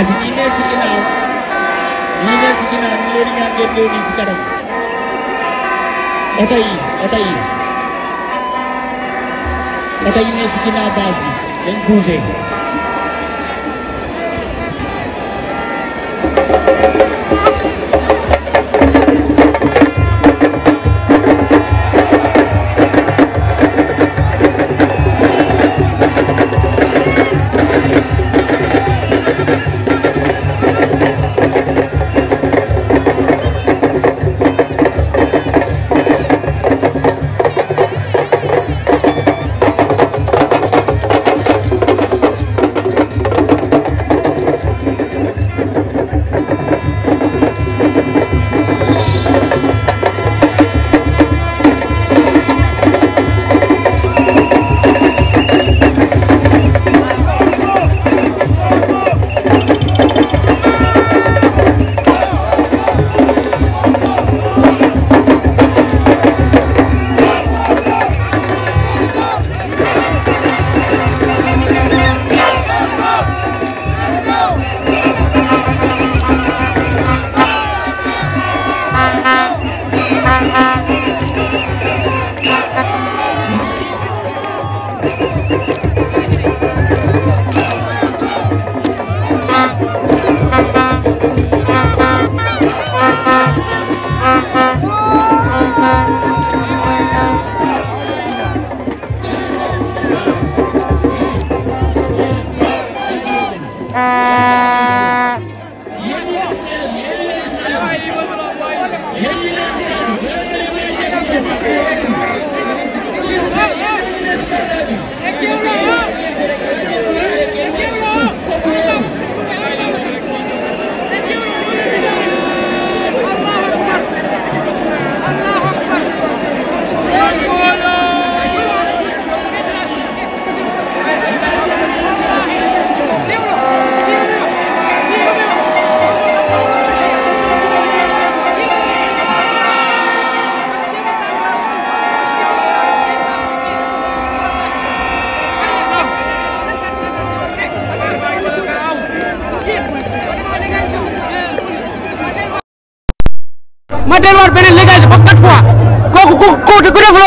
encouragé ñi nekk ci ginnaaw ñi nekk ci ginnaaw ñu leen ñaan ngeen ñëw nii ci kanam oto yi oto yi oto yi nekk ci ginnaaw base bi dañ bougé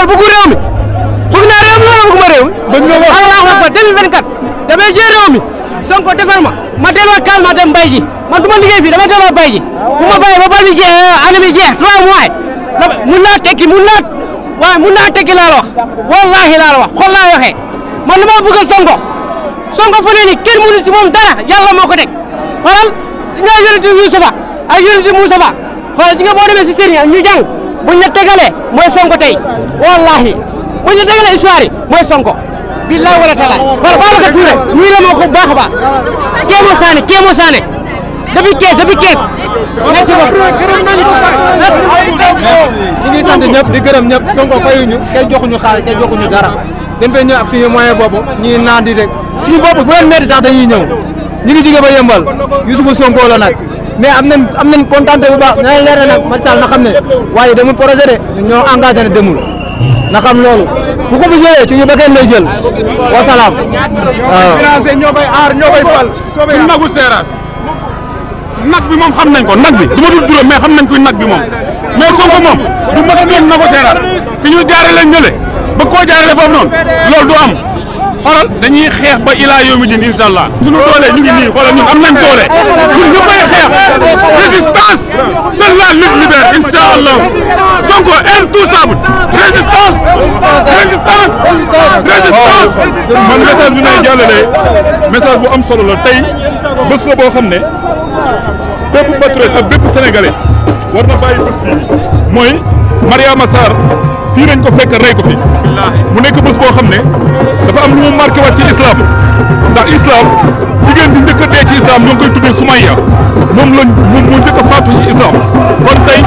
loolu bëggu réew mi bëgg naa réew mi wala bëgguma réew mi allahu akbar 2024 damay jël réew mi Sonko ma ma delloo calme dem bay ji man du ma liggéey fii damay delloo bay ma bayee ba bay bi jeex année bi jeex trois mois mun naa tekki mun naa waaye mun naa tekki laa la wax wallahi laa la wax xool laa waxee man lu ma bëggal Sonko Sonko fu ne nii kenn mënu si moom dara yàlla moo ko teg xoolal si nga yonente Yuusufa ay yonente Muusaa xoolal si nga boo demee si sëriñ ñu jàng buñ la tegalee mooy sonko tey wallahi buñ la tegalee histoire mooy sonko billahi wala taala wala Babacar Touré nuyu la moo ko baax a baax kéemo saane kéemo saane depuis kees depuis kees merci beaucoup ñu ngi sant ñëpp di gërëm ñëpp sonko fayuñu kenn joxuñu xaalis kenn joxuñu dara dañ fay ñëw ñu suñu moyen boobu ñuy naan di rek suñu bopp bu leen metti sax dañuy ñëw ñu ngi jóge ba yëmbal Youssoufa Sonko la nag mais am nañ am nañ contenté bu baax na leer na nag Macky Sall na xam ne waaye demul projet de ñoo engagé ne demul na xam loolu bu ko bu jëlee ci ñu bëggeen lay jël wa salaam. waaw ñoo koy aar ñoo koy fal. soobee nagu seeraas nag bi nañ ko nag bi du ma mais xam nañ koy nag bi moom mais du ma doon nagu seeraas fi ñu jaaree leen ñële ba koo jaaree foofu noonu loolu du am. xolal dañuy xex ba ila yawmi din inshallah suñu doole ñu ngi ni xolal ñun am nañ doole ñun ñu bay xex résistance seule la lutte libère incha allah Sonko intouchable résistance résistance résistance man message bi may jallale message bu am solo la tay bés la bo xamné bépp patriote ak bépp sénégalais war na bàyyi bëss bi moy Mariama Sarr fii dañ ko fekk rey ko fi mu nekk bés boo xam ne dafa am lu mu marqué waat ci islam ndax islam jigéen ji njëkk a dee ci islam ñoo ngi koy tuddee Sumayya moom lañ moom moo njëkk a faatu ci islam kon tey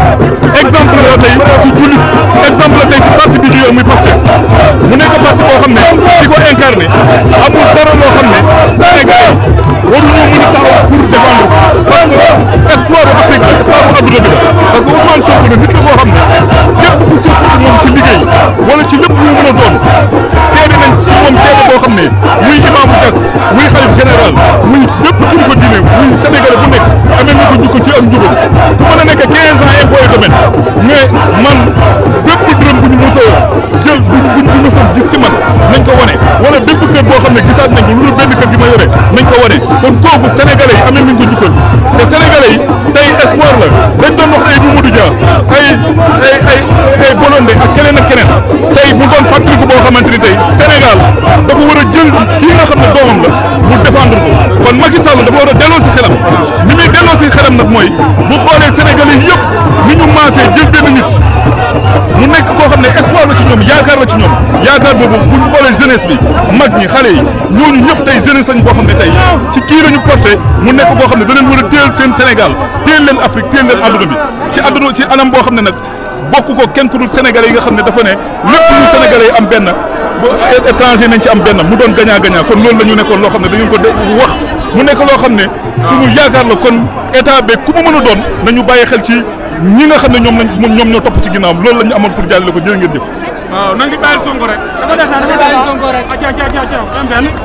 exemple la tey ci jullit exemple la tey ci parti bi di ñuy muy Pastef mu nekk parti boo xam ne di ko incarné amul dara loo xam ne Sénégal waruñu xalaat nañ ko lu dul benn kër ko wane kon kooku sénégalais yi amee nañ ko jukkal te sénégalais yi tey espoir la dañ doon wax ay Mamadou Dia ay ay ay ay Bolonde ak keneen ak keneen tey bu doon fàttaliku boo xamante ni tey Sénégal dafa war a jël kii nga xam ne doomam la mu défendre ko kon Macky Sall dafa war a delloo si xelam ni muy delloo si xelam nag mooy bu xoolee sénégalais yëpp ni ñu maasee jël benn nit mu nekk koo xam ne espoir la ci ñoom yaakaar la ci ñoom. yaakaar boobu bu ñu xoolee jeunesse bi mag ñi xale yi ñooñu ñëpp tey jeunesse lañ boo xam ne tey ci kii la ñu mu nekk boo xam ne daneen war a téel seen Sénégal téel leen Afrique téel leen àdduna bi ci àdduna ci anam boo xam ne nag bokk ko kenn ku dul sénégalais yi nga xam ne dafa ne lépp lu sénégalais yi am benn étranger nañ ci am benn mu doon gagnant gagnant kon loolu la ñu nekkoon loo xam ne dañu ko de wax mu nekk loo xam ne suñu yaakaar la kon état be ku mu mën a doon nañu bàyyi xel ñi nga xam ne ñoom lañ ñoom ñoo topp ci ginnaawam loolu la ñu amoon pour jàllale ko jërë ngeen jëf. waaw na Sonko rek. dafa def dafa bàyyi Sonko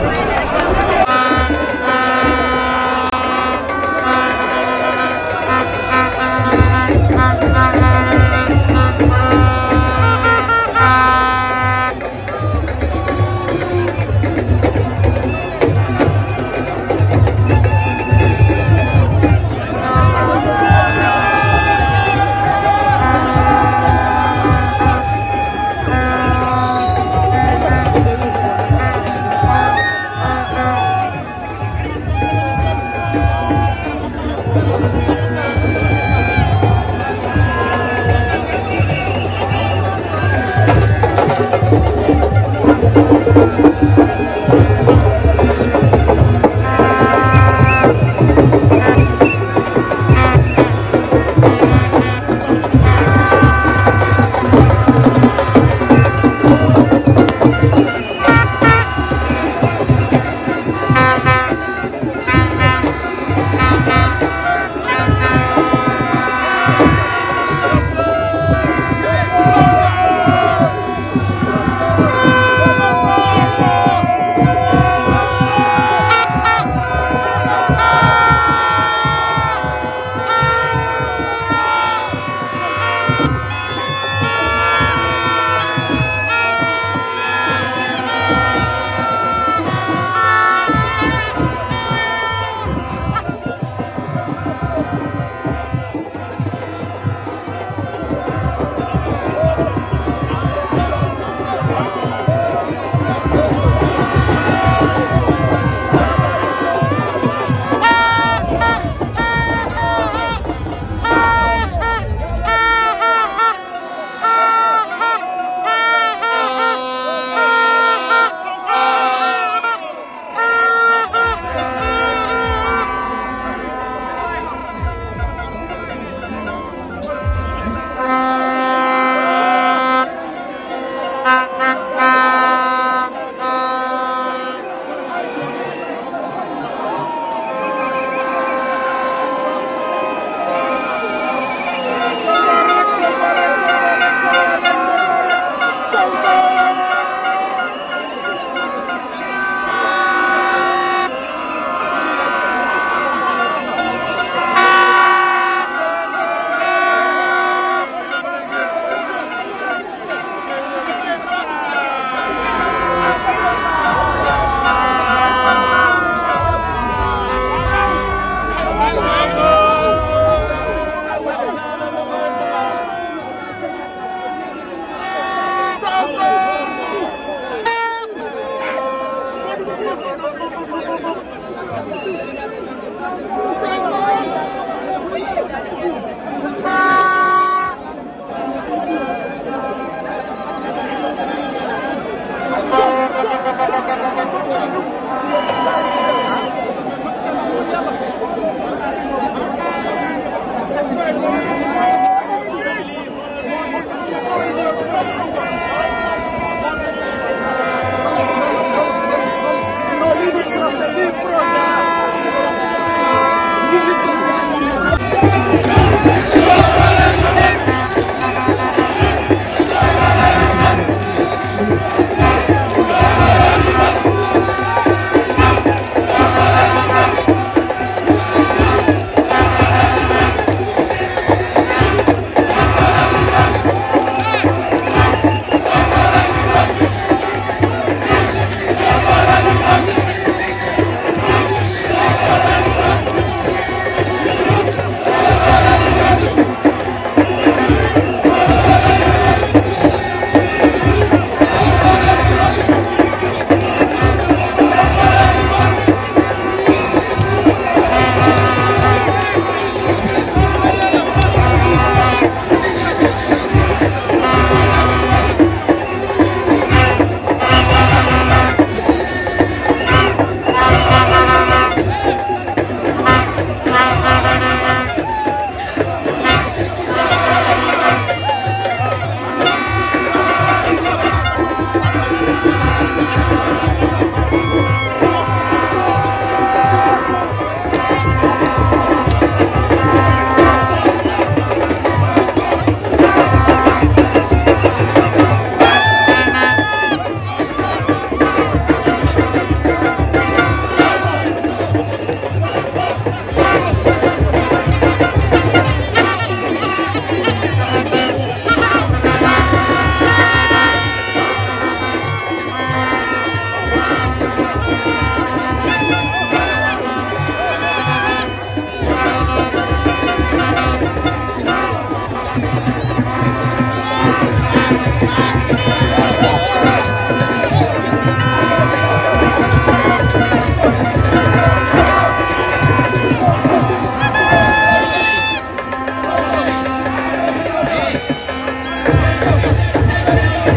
Thank you.